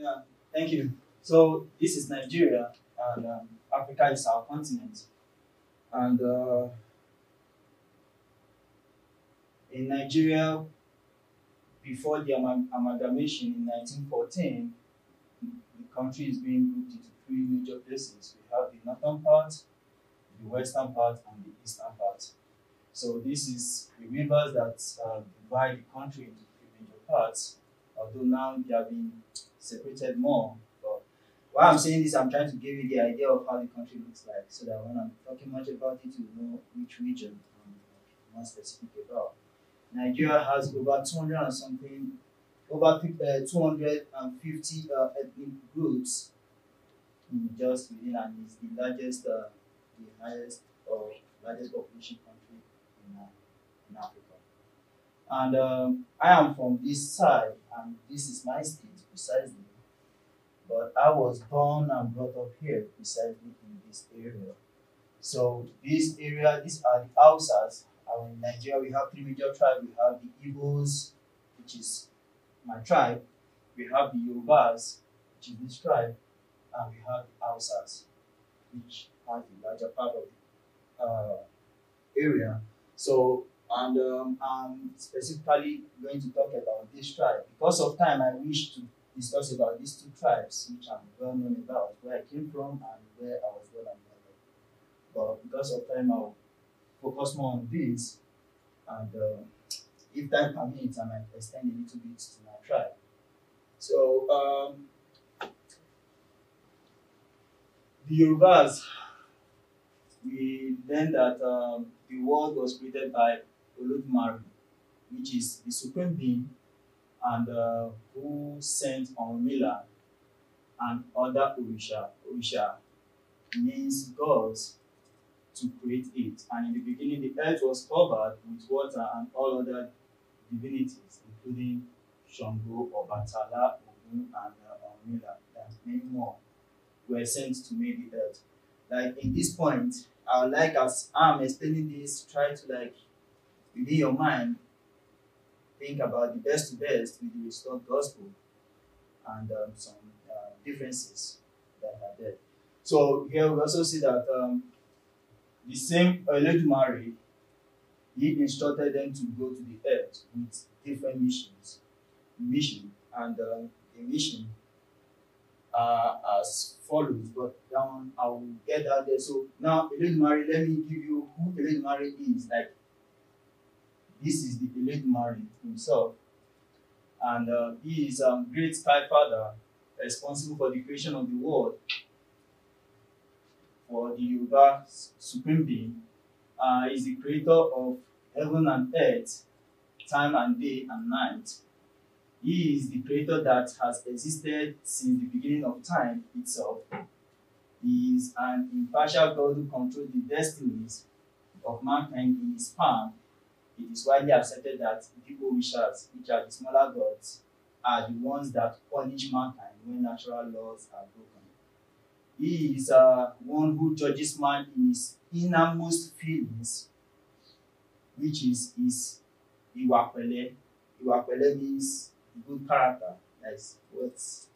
Yeah, thank you. So this is Nigeria, and um, Africa is our continent. And uh, in Nigeria, before the amalgamation in 1914, the country is being grouped into three major places. We have the northern part, the western part, and the eastern part. So this is the rivers that uh, divide the country into three major parts, although now they are being separated more. But why I'm saying this, I'm trying to give you the idea of how the country looks like, so that when I'm talking much about it, you know which region I'm more specific about. Nigeria has over 200 and something, over uh, 250 uh, ethnic groups in just within, and is the largest, uh, the highest or largest population country in, uh, in Africa. And um, I am from this side, and this is my state precisely. But I was born and brought up here precisely in this area. So this area, these are the Hausas. And in Nigeria, we have three major tribes. We have the Igbos, which is my tribe. We have the Yorubas, which is this tribe. And we have the Hausas, which has the larger part of the uh, area. So and um, I'm specifically going to talk about this tribe. Because of time, I wish to discuss about these two tribes, which I'm well known about, where I came from and where I was born and bred. But because of time, I'll focus more on this. And uh, if time permits, I might extend a little bit to my tribe. So, um, the Yorubas, we learned that um, the world was created by Olodumare, which is the supreme being, and uh, who sent Onrila and other Orisha. Orisha means gods to create it. And in the beginning, the earth was covered with water and all other divinities, including Shango, Obatala, Ogun, and uh, Onrila, and many more, were sent to make the earth. Like in this point, I would like as I'm explaining this, try to like Within your mind, think about the best to best with the restored gospel and um, some uh, differences that are there. So here we also see that um, the same marry, he instructed them to go to the earth with different missions, mission, and uh, the mission uh, as follows. But down, I will get that there. So now Mary, let me give you who Mary is. Like this is the elite Mary himself. And uh, he is a um, great sky father responsible for the creation of the world, for the Yoruba supreme being. Uh, is the creator of heaven and earth, time and day and night. He is the creator that has existed since the beginning of time itself. He is an impartial God who controls the destinies of mankind in his palm it is widely accepted that people are which are the smaller gods, are the ones that punish mankind when natural laws are broken. He is uh, one who judges man in his innermost feelings, which is his iwapele. Iwapele means good character, that's words,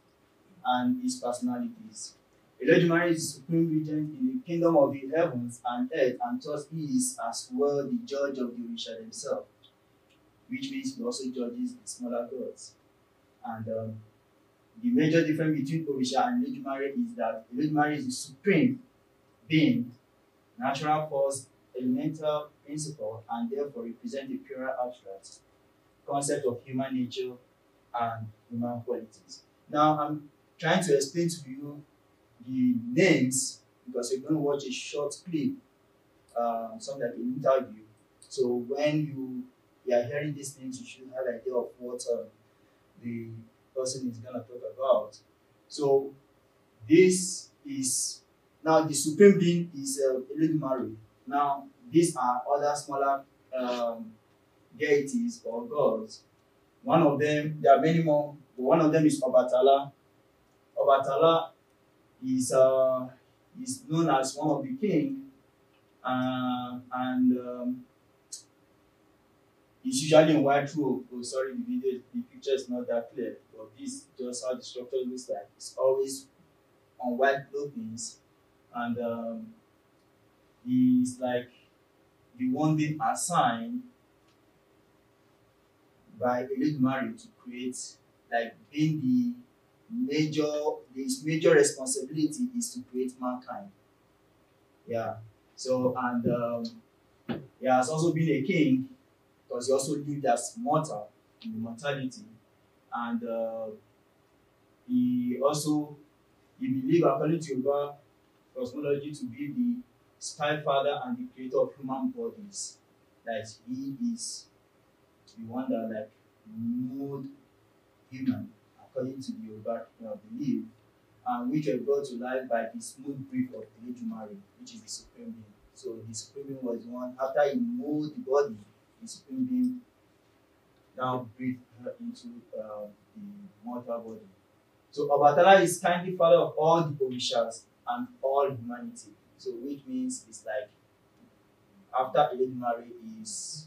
and his personalities. Eledumare is supreme regent in the kingdom of the heavens and earth, and thus he is as well the judge of the Orisha himself, which means he also judges the smaller gods. And um, the major difference between Orisha and Eledumare is that Eledumare is the supreme being, natural force, elemental principle, and therefore represent the purer abstract concept of human nature and human qualities. Now, I'm trying to explain to you the names because you're going to watch a short clip, um, like an interview. So when you, you are hearing these names, you should have an idea of what um, the person is going to talk about. So this is now the supreme being is uh, um, Elodimari. Now these are other smaller um, deities or gods. One of them, there are many more, but one of them is Obatala. Obatala is uh, is known as one of the king, uh, and um, usually in white robe. Oh, sorry, the video, the picture is not that clear, but this just how the structure looks like. It's always on white clothing, and um, he's like the one being assigned by Eligmari to create, like being the major his major responsibility is to create mankind. Yeah. So and um, he has also been a king because he also lived as mortal in mortality, and uh, he also he believed according to Yoruba cosmology to be the sky father and the creator of human bodies. That he is the one that like made human according to the Yoruba uh, belief, which were brought to life by the smooth brief of Eledumare, which is the supreme being. So the supreme being was one, after he moved the body, the supreme being now breathed her into uh, the mortal body. So Obatala is kindly father of all the Orishas and all humanity. So which means it's like after Eledumare is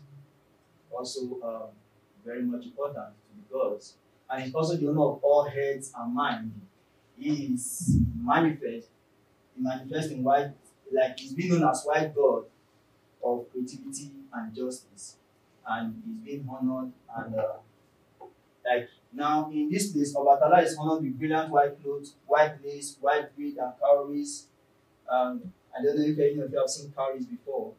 also um, very much important to the gods and is also the owner of all heads and mind. He is manifest, he manifests in white, like he's been known as white God of creativity and justice. And he's been honored and uh, like now in this place, Obatala is honored with brilliant white clothes, white lace, white bread and cowries. Um, I don't know if any of you have seen cowries before.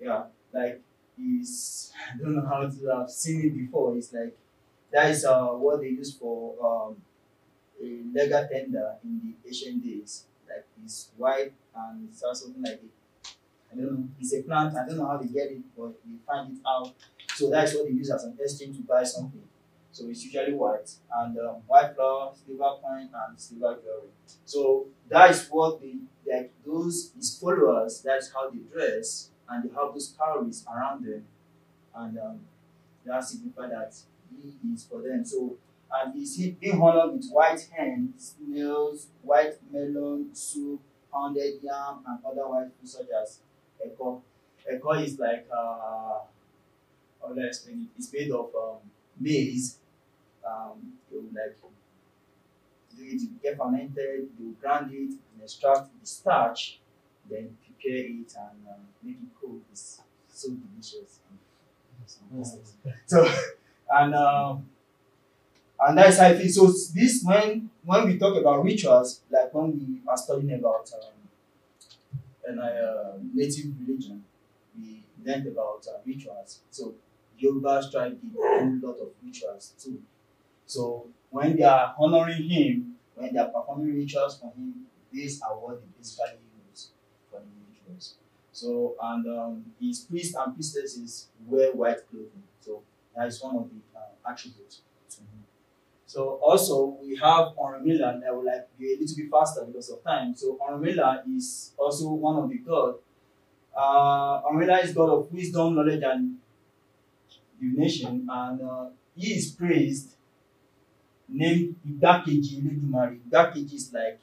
Yeah, like he's I don't know how to have seen it before. It's like that is uh, what they use for um, a legal tender in the ancient days. Like it's white and something like it. I don't know. It's a plant. I don't know how they get it, but they find it out. So that's what they use as an exchange to buy something. So it's usually white and um, white flour, silver coin, and silver jewelry. So that is what the like those his followers. That's how they dress and they have those calories around them, and um, that signifies that he is for them. So, and is being honored with white hens, snails, white melon, soup, pounded yam, and other white foods such as eko. Eko is like, uh, how do I explain it? It's made of um, maize. Um, you like it get fermented, you grind it and extract the starch, then prepare it and um, make it cold. It's so delicious. so, And um, and that's how I think. So this when when we talk about rituals, like when we are studying about um, and uh, native religion, we learned about uh, rituals. So Yoruba tribe did a lot of rituals too. So when they are honoring him, when they are performing rituals for him, these are what they basically use for the rituals. So and um, his priests and priestesses wear white clothing. That is one of the uh, attributes to me. So also we have Oromila and I like be a little bit faster because of time. So Oromila is also one of the god. Uh, is god of wisdom, knowledge, and divination, and uh, he is praised. Named Lady Mary. Igbákejì is like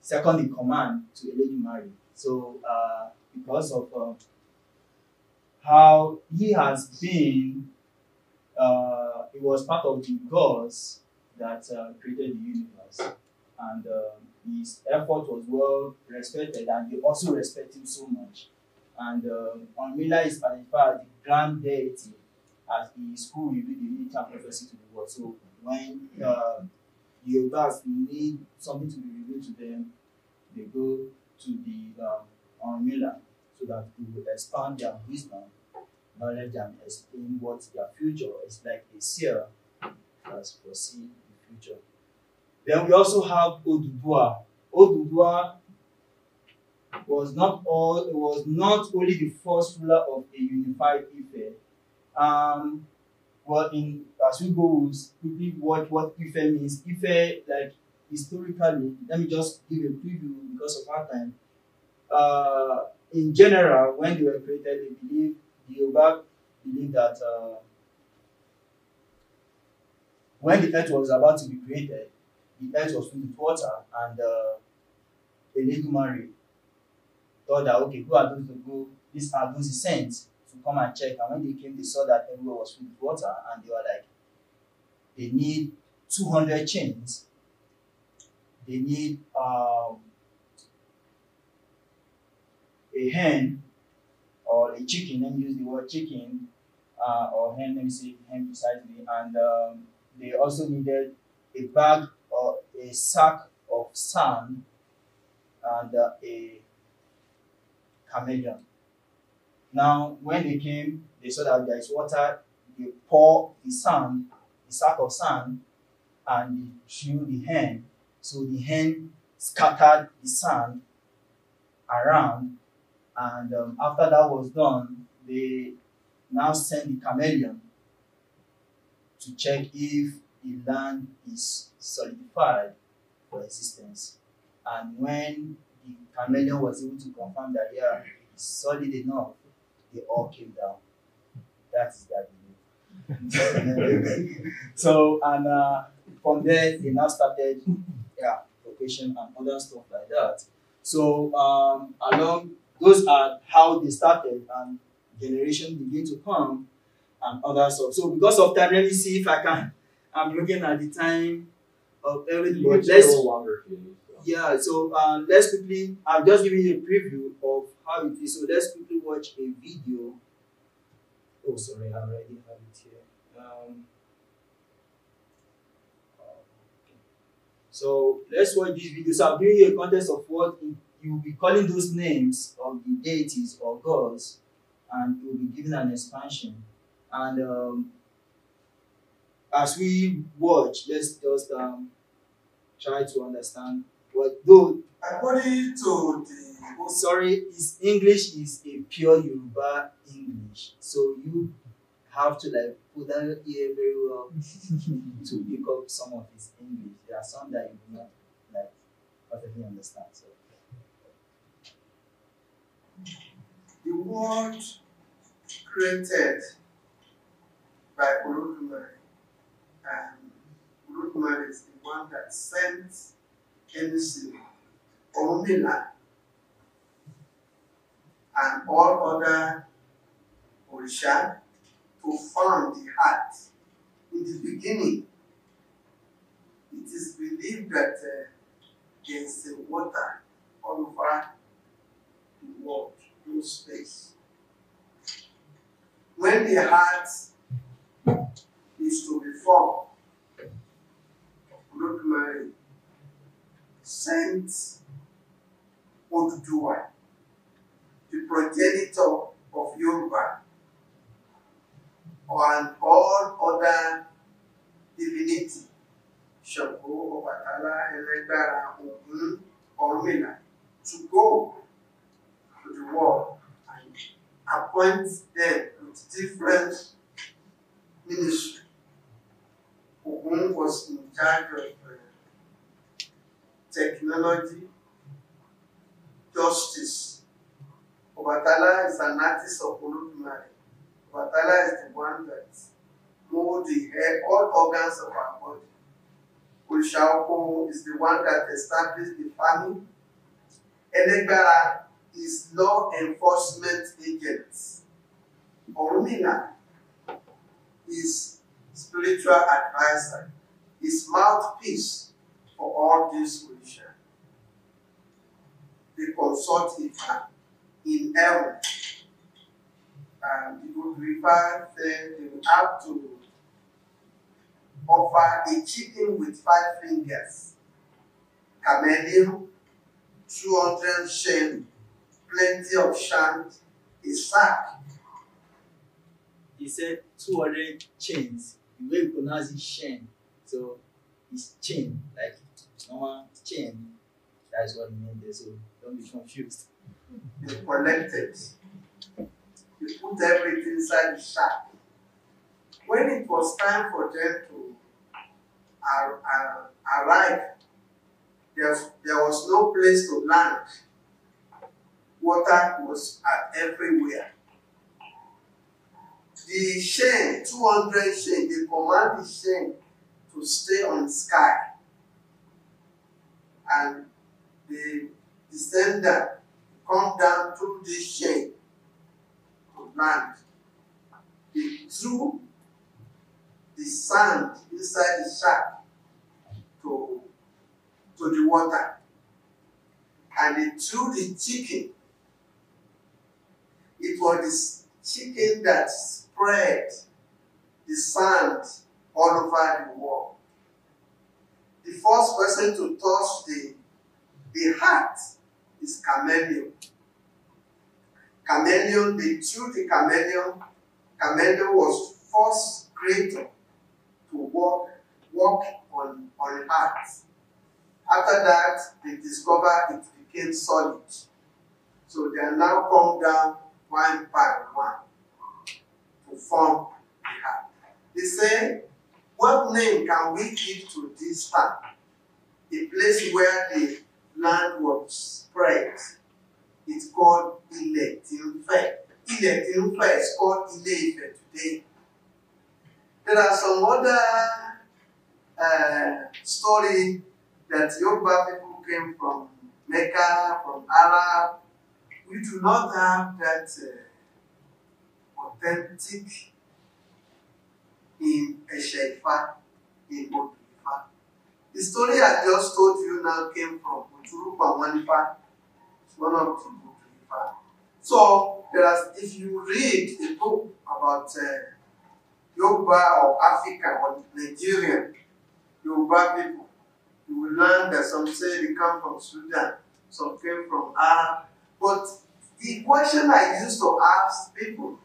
second in command to Lady Mary. So uh, because of uh, how he has been, uh, he was part of the gods that uh, created the universe. And um, his effort was well respected, and they also respect him so much. And um, Onmila is identified as the grand deity, as he is who will the unity prophecy to the world. So when uh, Yorubas need something to be revealed to them, they go to the um, so that we will expand their wisdom, knowledge, and explain what their future is like a seer has foreseen the future. Then we also have Odudua. Odudua was not all was not only the first ruler of a unified Ife. Um, well, in as we go, quickly watch what Ife means. Ife, like historically, let me just give a preview because of our time. Uh, in general, when they were created, they believe the Yoruba believe that uh, when the earth was about to be created, the earth was filled with water, and uh, a little Mary thought that, okay, who are those to go? These are those the to come and check. And when they came, they saw that everywhere was filled with water, and they were like, they need two hundred chains. They need um, a hen or a chicken, let me use the word chicken uh, or hen, let me say hen precisely, and um, they also needed a bag or a sack of sand and uh, a chameleon. Now, when they came, they saw that there is water, they pour the sand, the sack of sand, and they threw the hen. So the hen scattered the sand around and um, after that was done, they now sent the chameleon to check if the land is solidified for existence. And when the chameleon was able to confirm that yeah, it's solid enough, they all came down. That is their belief. so and uh, from there they now started yeah location and other stuff like that. So um, along those are how they started, and generation begin to come, and others. So because of time, let me see if I can. I'm looking at the time of everything. But let's, longer. Yeah, so uh, let's quickly, I'm just giving you a preview of how it is. So let's quickly watch a video. Oh, sorry, I already have it here. Um, oh, So let's watch this video. So I'm you a context of what it you will be calling those names of the deities or gods, and you will be given an expansion. And um, as we watch, let's just um, try to understand what though. According to the oh, sorry, his English is a pure Yoruba English, so you have to like put that ear very well to pick up some of his English. There are some that you do not like perfectly understand. So. the world created by Olodumare. And Olodumare is the one that sent anything, Omila, and all other Orisha to form the heart. In the beginning, it is believed that uh, there is water all over the world lose space. When the heart is to be formed, not married, sent Oduduwa, the progenitor of Yoruba, and all other divinity, shall go, Ṣàngó, Ọbàtálá, Ẹlẹ́gbára, Ògún, Ọ̀rúnmìlà, to go the world and appoint them with different ministry. Ogun was in charge of uh, technology, justice. Obatala is an artist of Olodumare. Obatala is the one that mold the hair, all organs of our body. Orishaoko is the one that established the family. Elegbara is law enforcement agent. Orumina is spiritual advisor, is mouthpiece for all this solutions. They consult him in heaven. And he would refer them they would have to offer a chicken with five fingers, chameleon, 200 shillings, plenty of shant, a sack. He said 200 chains. The way you pronounce it, chain. So it's chain, like normal chain. That's what he meant there, so don't be confused. You collect it. You put everything inside the shack. When it was time for them to arrive, there, there was no place to land water was at everywhere. The shame, 200 shame, they command the shame to stay on sky. And the descendant come down through the shame to land. They threw the sand inside the shark to, to the water. And they threw the chicken It was the chicken that spread the sand all over the world. The first person to touch the, the heart is chameleon. Chameleon, they threw the chameleon. Chameleon was first creator to walk, walk on, on heart. After that, they discovered it became solid. So they are now come down one by one to form a heart. They say, what name can we give to this town? The place where the land was spread. It's called Ilẹ̀ tí is called Ilé today. There are some other uh, story that Yoruba people came from Mecca, from Arab, you do not have that uh, authentic in ẹ̀ṣẹ̀ in Odù The story I just told you now came from Ujurupa Wanifa, one of the Odù So, there are, if you read a book about uh, Yoruba or Africa or Nigerian Yoruba people, you will learn that some say they come from Sudan, some came from Ah, but the question I used to ask people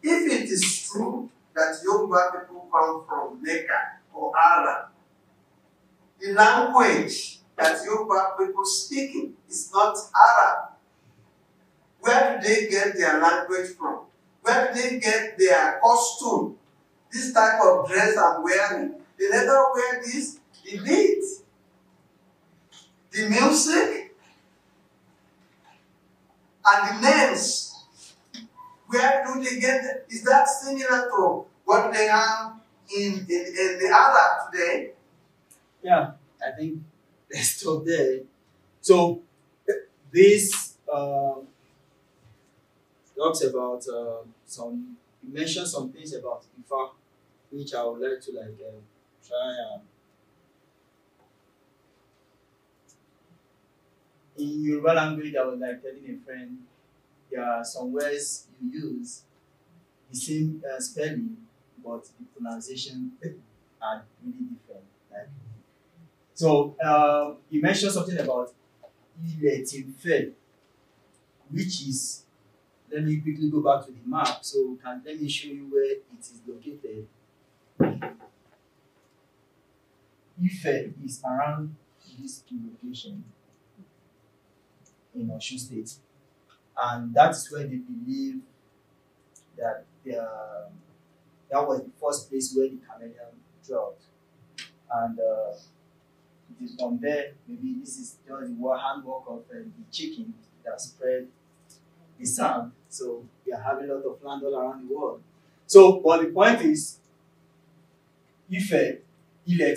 if it is true that Yoruba people come from Mecca or Arab, the language that Yoruba people speaking is not Arab. Where do they get their language from? Where do they get their costume? This type of dress I'm wearing. They never wear this. The beat, the music, Names Where do they get is that similar to what they have in, in, in the other today? Yeah, I think that's still there. So this uh, talks about uh, some, you mentioned some things about Ifa, which I would like to like uh, try and in Yoruba language, I was like telling a friend there are some words you use the same uh, spelling, but the pronunciation are really different. Right? So uh, you mentioned something about Iletinfe, which is, let me quickly go back to the map. So can let me show you where it is located. Ife is around this location in Osun State. and that's where they believe that uh, that was the first place where the chameleon dwelt. And uh, it is from there, maybe this is just the handwork of uh, the chicken that spread the sand. So we are having a lot of land all around the world. So, but the point is, let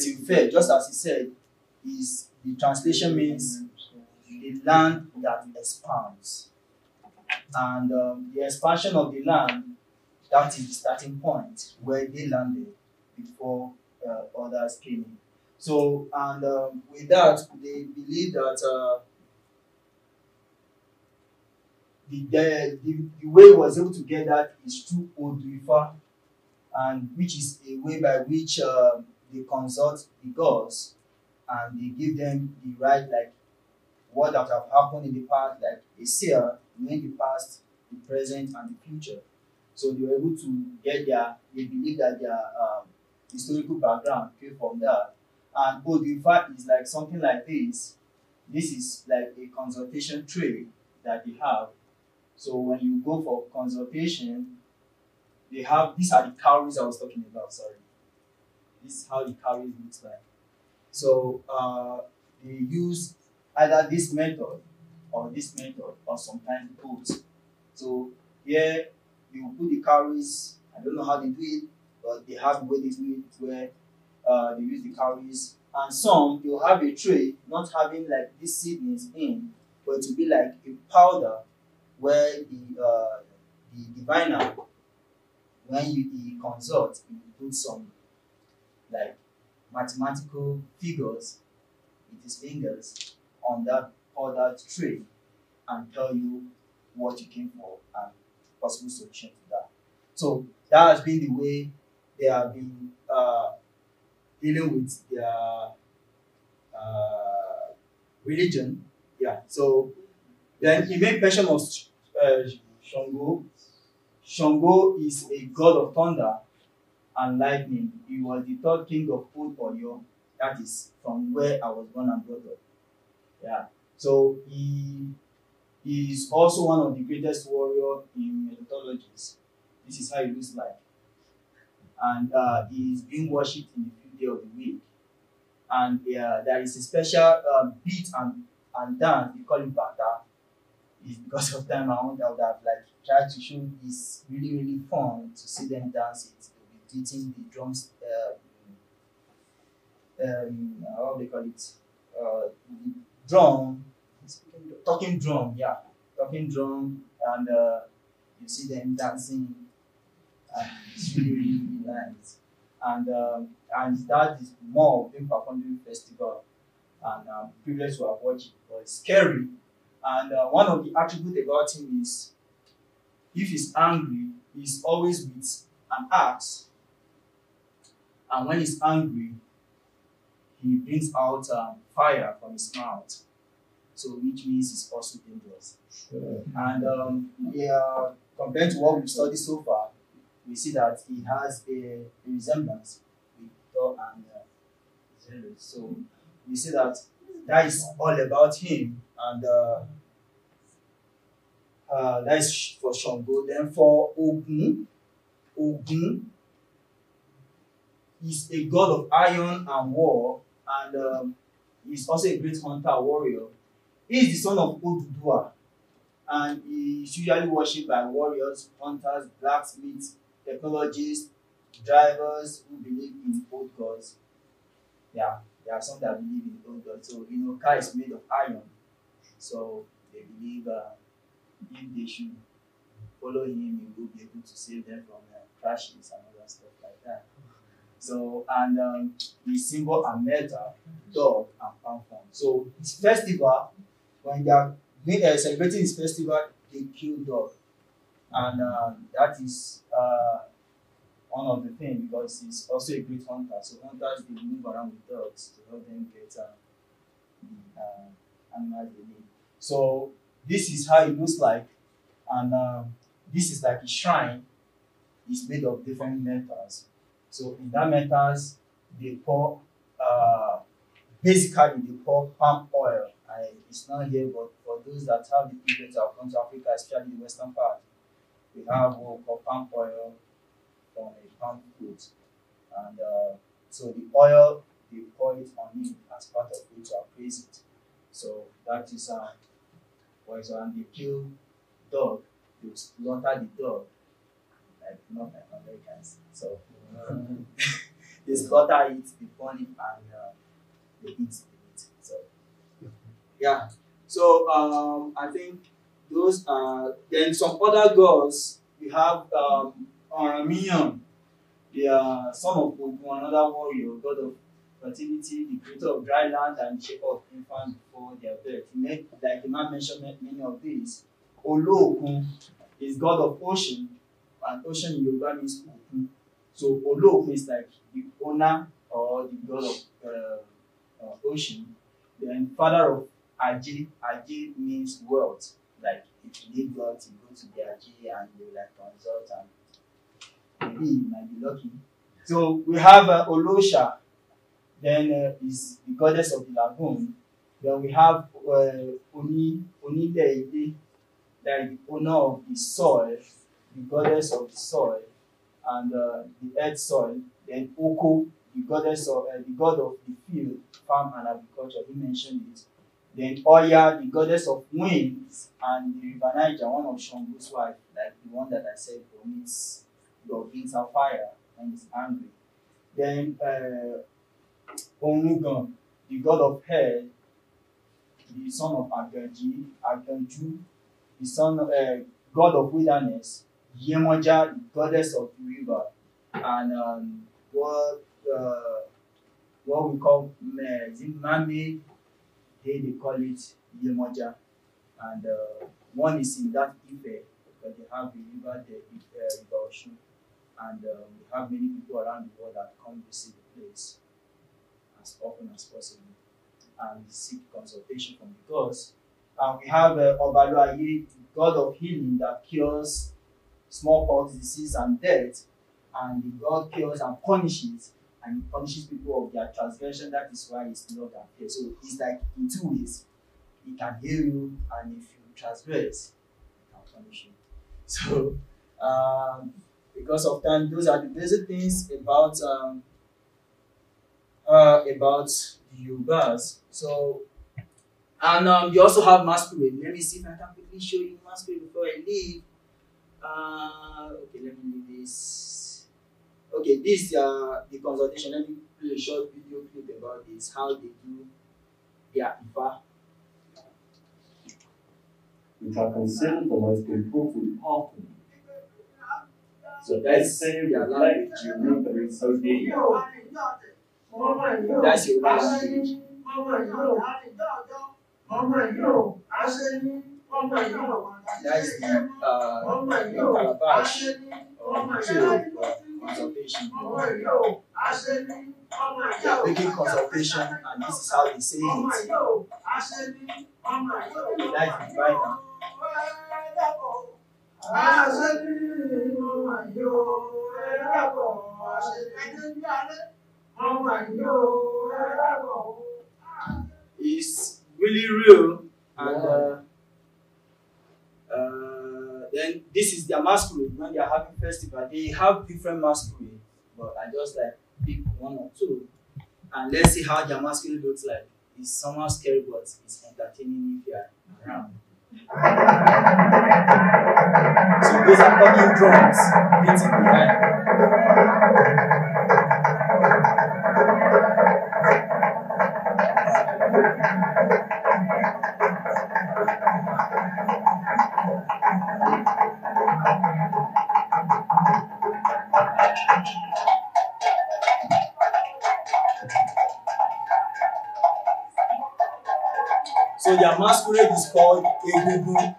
him Ife, just as he said, is the translation means the land that expands. And um, the expansion of the land, that is the starting point where they landed before uh, others came in. So, and um, with that, they believe that uh, the, the, the, way was able to get that is through Oduifa, and which is a way by which uh, they consult the gods and they give them the right, like what that have happened in the past, like a seer knowing the past, the present, and the future. So they were able to get their, they believe that their um, historical background came from that. And what the fact is like something like this, this is like a consultation tray that they have. So when you go for consultation, they have, these are the calories I was talking about, sorry. This is how the calories looks like. So uh, they use either this method or this method or sometimes both. So here you put the calories, I don't know how they do it, but they have way they do it where uh, they use the calories. And some you have a tray not having like these seedlings in, but it will be like a powder where the uh, the, the diviner, when you the consult, you put some like mathematical figures with his fingers on that that trade and tell you what you came for and possible solution to that. So that has been the way they have been uh, dealing with their uh, religion. Yeah. So then he made mention of uh, Shango. Shango is a god of thunder and lightning. He was the third king of old Oyo, that is from where I was born and brought up. Yeah. So he is also one of the greatest warrior in mythology. This is how he looks like. And uh, he is being worshipped in the fifth day of the week. And uh, there is a special uh, beat and, and dance, we call it Bata. It's because of time I would have like tried to show it's really, really fun to see them dance it, beating the drums, um, um, how do they call it? Uh, drum talking drum, yeah, talking drum, and uh, you see them dancing. And it's really, really nice. And um, and that is more of performed during festival, and um, who to have watched it, but it's scary. And uh, one of the attributes about him is, if he's angry, he's always with an axe. And when he's angry, he brings out um, fire from his mouth. so which means it's also dangerous. Sure. And um, yeah, compared to what we've studied so far, we see that it has a, a resemblance with Thor and uh, So we see that that is all about him and. Uh, uh, that is for Shango. Then for Ogun, Ogun is a god of iron and war, and um, he's also a great hunter warrior. He is the son of Odudua, and he is usually worshipped by warriors, hunters, blacksmiths, technologists, drivers who believe in old gods. Yeah, there are some that believe in old gods. So, you know, car is made of iron. So, they believe uh, if they should follow him, he will be able to save them from uh, crashes and other stuff like that. So, and um, symbol are metal, dog, and palm So, this festival when they are uh, celebrating this festival, they kill dog, and um, that is uh, one of the things because he's also a great hunter. So hunters they move around with dogs to help them get um, uh, uh, animals they need. So this is how it looks like, and um, this is like a shrine. It's made of different metals. So in that metals, they pour uh, basically they pour palm oil is not here, but for those that have the privilege of going to Africa, especially the western part, we have what palm oil from a palm fruit. And uh, so the oil, they pour it on him as part of it to appraise it. So that is uh, when example, and they kill dog, they slaughter the dog, like not like Americans. So they slaughter it, they burn it, and uh, they eat it. Yeah. So um, I think those are then some other gods. We have um, Aramion. They are son of Ogun, another warrior, god of fertility, the creator of dry land and shape of infants before their birth. Make, like you might mention many of these. Olokun is god of ocean, and ocean in Yoruba means Okun. So Olokun is like the owner or the god of uh, uh, ocean, then father of Aji, Aji means world. Like if you need God, you go to the Aji and you like consult and maybe you might be lucky. So we have uh, Olosha, then uh, is the goddess of the lagoon. Then we have uh, Oni, Oni Deide, like owner of the soil, the goddess of the soil, and uh, the earth soil. Then Oko, the goddess of uh, the god of the field, farm and agriculture. We mentioned it. Then Oya, oh the goddess of winds, and the river Niger, one of Shango's wife, like the one that I said vomits your wings are fire and is angry. Then uh, Onugan, the god of hair, the son of Agaji, Agaju, the son of, uh, god of wilderness, Yemoja, the goddess of the river, and um, what uh, what we call uh, is They, they call it Yemoja. And uh, one is in that Ife, that they have the river uh, River Ocean. And uh, we have many people around the world that come to see the place as often as possible and seek consultation from the gods. And we have uh, Obaluaye, god of healing that cures smallpox disease and death, and the god cures and punishes and punishes people of their transgression. That is why it's not unfair. So it's like in two ways. He can heal you, and if you transgress, he can punish you. So um, because of time, those are the basic things about um, uh, about the guys. So and um, you also have masquerade. Let me see if I can quickly show you masquerade before I leave. Uh, okay, let me do this. Okay, this uh, the consultation. Let me play a short video clip about this. How they do their IFA. Which are considered the most important part So let's say their language you read the result data. That's your language. That's the uh, the calabash consultation. Making consultation, and this is how they say it. Life is right now. It's really real and uh, then this is their masquerade when they are having festival they have different masquerade but i just like pick one or two and let's see how their masquerade looks like it's somehow scary but it's entertaining if you are around. so those are talking drums beating behind. masquerade is called egungun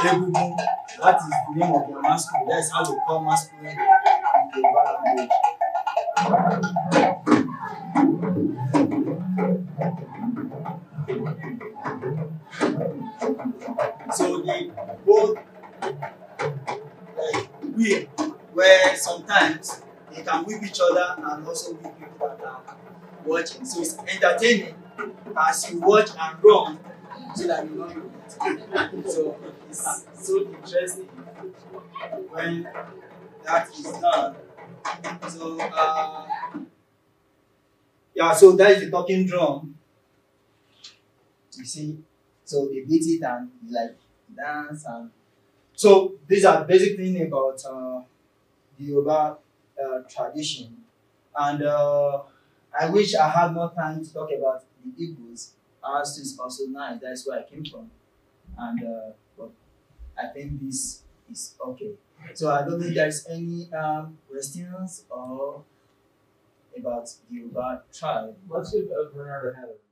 egungun that is the name of their masquerade that is how they call masquerade in Yoruba language. So the both like we where sometimes they can whip each other and also whip people that are watching. So it's entertaining as you watch and run so that you so it's so interesting when that is done. So uh, yeah, so that is the talking drum. You see, so they beat it and like dance and so these are basic things about uh, the Yoruba uh, tradition, and uh, I wish I had more time to talk about the Eagles, ours is also nice. That's where I came from. And uh, I think this is okay. So I don't think there's any um, questions or about the Yoruba tribe. Let's give Bernardo had